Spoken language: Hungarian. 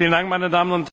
Vielen Dank, meine Damen und